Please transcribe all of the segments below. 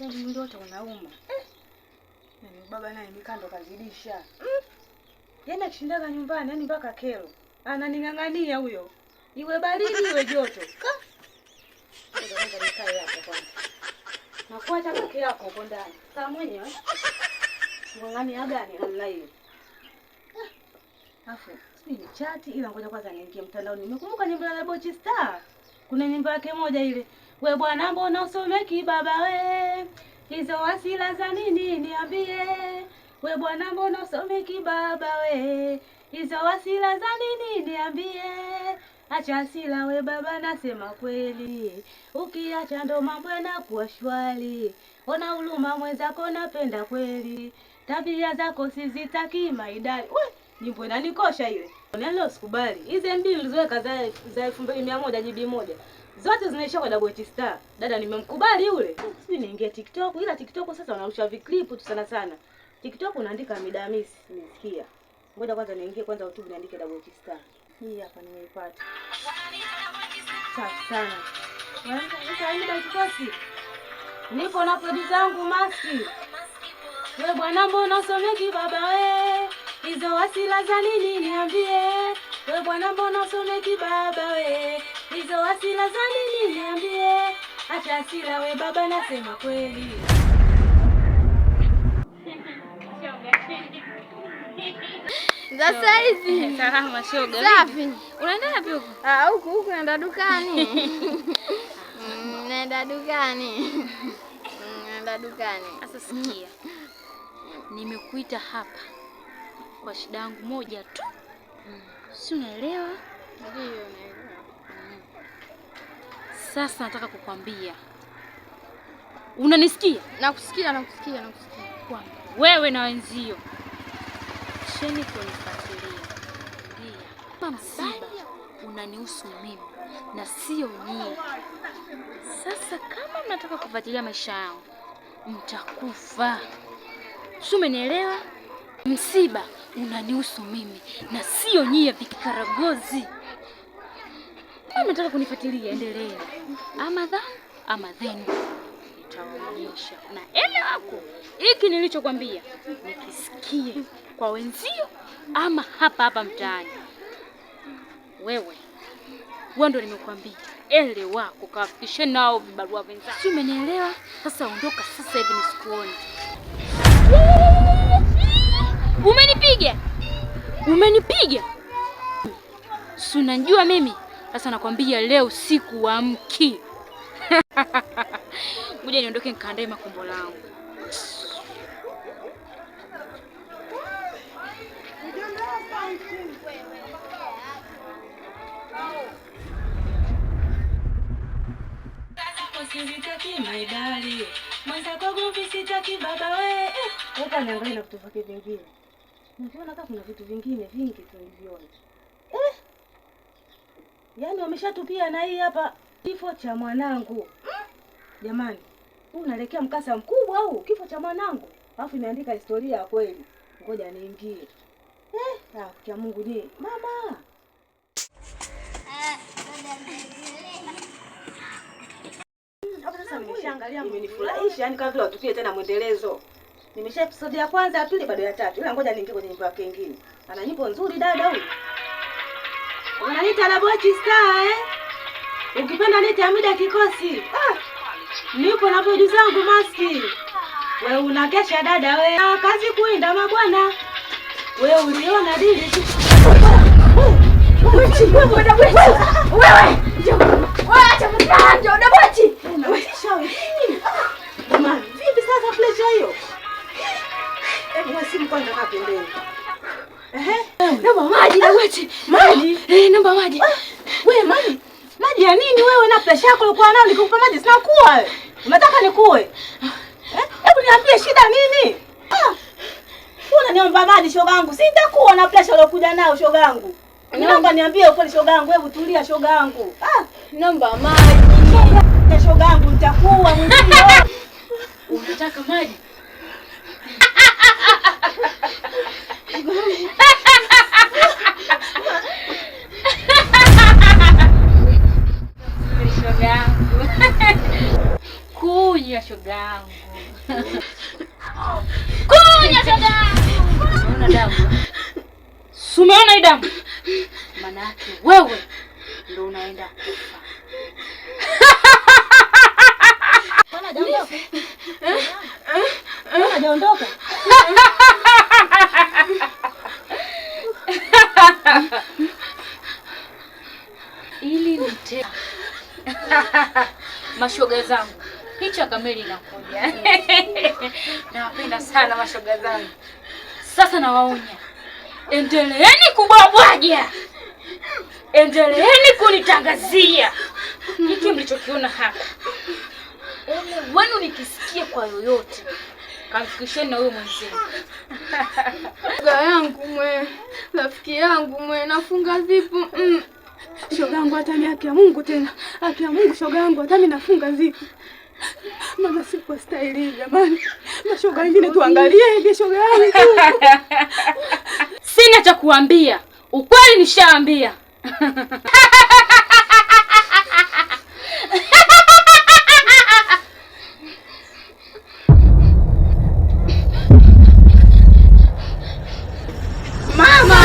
Yaani mwili wote unauma. Eh. Yaani baba naye nikaa ndo kazidisha. Mm. Yaani akishindaga nyumbani, yani mpaka kero. Ananing'ang'ania huyo. Iwe baridi iwe joto. Nikae hapo kwanza. Nakuacha peke yako huko ndani. Kaa mwenyewe. Ng'ang'ania gani namna hiyo? Ah. Afu, sijui ni chati ila ngoja kwanza niingie mtandaoni. Nimekumbuka nyimbo ya Bochi Star. Kuna nyimbo yake moja ile We bwana, mbona usomeki baba we? Hizo wasila za nini niambie? We bwana, mbona usomeki baba we? Hizo wasila za nini niambie? Acha asila we baba, nasema kweli, ukiacha ndo mambo yanakuwa shwari. Ona huruma mwenzako, napenda kweli, tabia zako sizitaki maidali we jimbo inanikosha ile. Nalo sikubali. Hizi MB nilizoweka za za 2100 jibi moja. Zote zinaisha kwa Dagoeti Star. Dada nimemkubali yule. Sisi niingie TikTok ila TikTok sasa wanarusha viklipu tu sana sana. TikTok unaandika midamisi nisikia. Ngoja kwanza niingie kwanza YouTube niandike Dagoeti Star. Hii hapa nimeipata. Safi sana. Kikosi nipo na kodi zangu maski. We bwana, mbona usomeki baba we hizo wasila za nini niambie, we bwana, mbona someki baba we? Hizo wasila za nini niambie, acha asila we baba, nasema kweli za hizi. Salama shoga. Safi. Unaenda wapi huko? Ah, huko huko naenda dukani. Mm, naenda dukani. Mm, naenda dukani. Sasa sikia. Nimekuita hapa kwa shida yangu moja tu mm. si unaelewa? Ndio naelewa. Sasa nataka kukwambia, unanisikia? Nakusikia, nakusikia, nakusikia. Kwamba wewe na wenzio sheni kunifuatilia msiba unanihusu mimi na sio nyie. Sasa kama mnataka kufuatilia maisha yangu mtakufa, si umenielewa? Msiba unanihusu mimi na sio nyie vikaragozi. Nataka kunifuatilia, endelea. Amadha ama then nitaonyesha na ele wako hiki nilichokwambia nikisikie kwa wenzio ama hapa hapa mtaani. Wewe wewe ndo nimekwambia, ele wako kawafikishe nao vibarua wenzao, si umenielewa? Sasa ondoka sasa hivi nisikuone. Umenipiga, umenipiga. Si unajua mimi sasa, nakwambia leo siku wa mki Ngoja niondoke nikaandae makombo langu. Mwenzako gumvi sitaki baba we. Weka na ngani na kutufukia vingine. Unaona kama kuna vitu vingine vingi tuliviona. Eh? Yaani wameshatupia na hii hapa kifo cha mwanangu. Hmm? Jamani, huu unaelekea mkasa mkubwa au kifo cha mwanangu? Alafu imeandika historia ya kweli. Ngoja niingie. Eh, ah, kwa Mungu ni mama. Eh, hmm, sasa nimeshaangalia, mmenifurahisha, yani kama vile watupie tena mwendelezo. Nimesha episode ya kwanza, ya pili, bado ya tatu. Ila ngoja niingie kwenye nyimbo yake nyingine. Ana nyimbo nzuri dada huyu. Unaniita na bochi star eh? Ukipenda nita Amida Kikosi. Ah! Nipo na boju zangu maski. We unakesha dada we. Ah, kazi kuinda mabwana. We uliona dili. Bochi, wewe dada bochi. Wewe. Njoo. Wewe acha mtaani, dada bochi. Unamtisha Mama, vipi sasa pressure hiyo? Yaani naomba maji. Ah. Wewe maji? Maji ya nini wewe na presha yako ulikuwa nayo nikupa maji sina kuwa wewe. Unataka nikue? Eh? Hebu niambie shida nini? Ah. Unaniomba maji shogangu. Sitakuwa na presha uliokuja nayo shogangu. Naomba niambie ukweli shogangu, hebu tulia shogangu. Ah, naomba maji. damu. Sumeona hii damu? Maana yake wewe ndio unaenda kufa. Ili nite mashoga zangu, picha kamili inakuja. Nawapenda sana mashoga zangu. Sasa nawaonya, endeleeni kubwabwaja, endeleeni kunitangazia hiki mlichokiona hapa. Ole wenu nikisikia kwa yoyote, kamfikisheni na huyo mwenzenu. Shoga yangu mwe, rafiki yangu mwe, nafunga zipu mm. shoga yangu, hata ni haki ya Mungu tena, haki ya Mungu shoga yangu, hata mimi nafunga zipu Mama, si kwa staili jamani. Mashoga mengine tuangalie shoga yangu. Sina cha kuambia, ukweli nishaambia. Mama,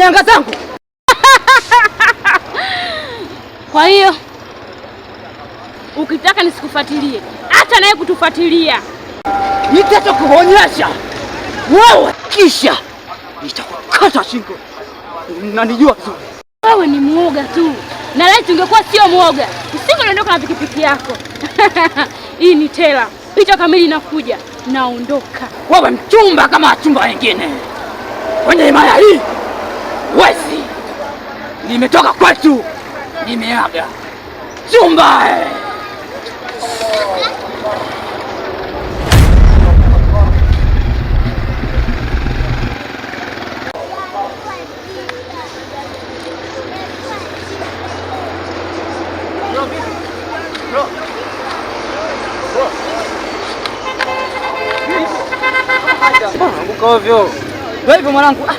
nyanga zangu. Kwa hiyo ukitaka nisikufuatilie, hata naye kutufuatilia nitatokuonyesha wewe, kisha nitakukata shingo. Nanijua vizuri, wewe ni mwoga tu, na leo tungekuwa sio mwoga, unaondoka na pikipiki yako hii ni tela picha kamili inakuja, naondoka. Wewe mchumba kama wachumba wengine kwenye imaya hii wezi limetoka kwetu, limeaga chumba. Anguka ovyo hivyo mwanangu, ah,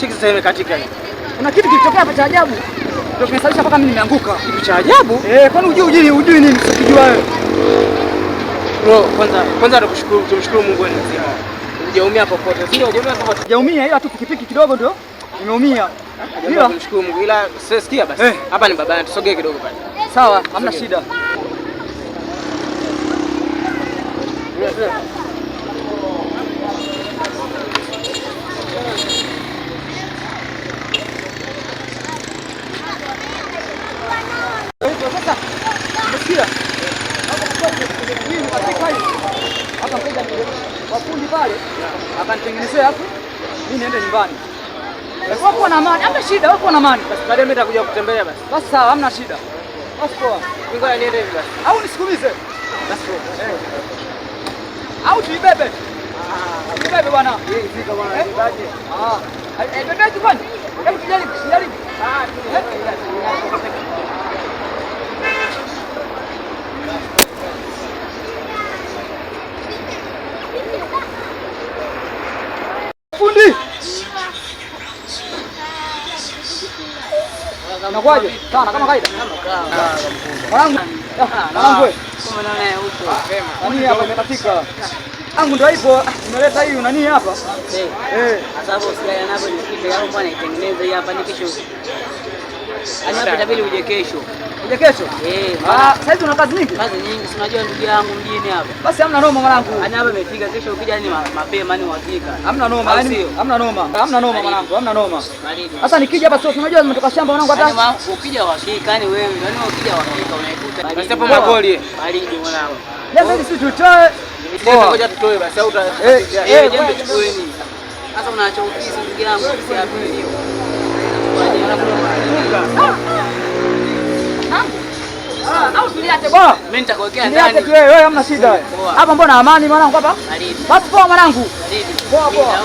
chiki sasa hivi katika hii. Kuna kitu kilitokea hapa cha ajabu. Ndio kimesababisha mpaka mimi nimeanguka. Kitu cha ajabu? Eh, kwani unajua ujini unajui nini? Sikijua wewe. Bro, kwanza kwanza tukushukuru tumshukuru Mungu wewe mzima. Hujaumia popote. Sio hujaumia popote. Hujaumia ila tu pikipiki kidogo ndio imeumia. Ila tumshukuru Mungu ila sikia basi. Eh. Hapa ni baba Tusogee kidogo pale. Sawa, hamna shida. Yeah, yeah. wafundi pale, akanitengenezea hapo, mimi niende nyumbani. Wako na amani, hamna shida, wako na amani. Basi baadaye mimi nitakuja kutembelea basi. Basi sawa, hamna shida. Basi poa. Ngoja niende hivi basi. Au nisikumize. Basi poa. Au tuibebe. Ah, tuibebe bwana. Yeye fika bwana, tuibebe. Ah. Ai, bebe tu bwana. Hebu tujaribu, tujaribu. Ah. Kwaje? Sana kama kawaida. Mwanangu. Eh, mwanangu wewe. Kama naona Nani hapa imepatika? Angu ndio hivyo, nimeleta hii unani hapa. Eh. Sababu sija napo ni kitu yangu bwana itengeneze hapa ni kesho. Ani hapa itabidi uje kesho kuja kesho eh. Ah, Sasa hizi una kazi nyingi? Kazi nyingi, si unajua ndugu yangu mjini hapa. Basi hamna noma mwanangu. Yaani hapa imefika kesho ukija ni yaani mapema ni yaani uhakika. Hamna noma, yaani hamna noma. Hamna noma mwanangu, hamna noma. Sasa nikija hapa sio unajua nimetoka shamba mwanangu hata. Yaani ukija uhakika, yaani wewe yaani ukija uhakika unaikuta. Basi hapo magoli. Baridi mwanangu. Leo sasa sisi tutoe. Ngoja tutoe basi au uta. Eh, eh, eh tutoe ni. Sasa unaacha ukizi ndugu yangu, si hapo ndio. Ah, ah au tuliate bora. Mimi wewe, hamna shida Hapa mbona amani mwanangu hapa? Basi poa mwanangu. Poa poa.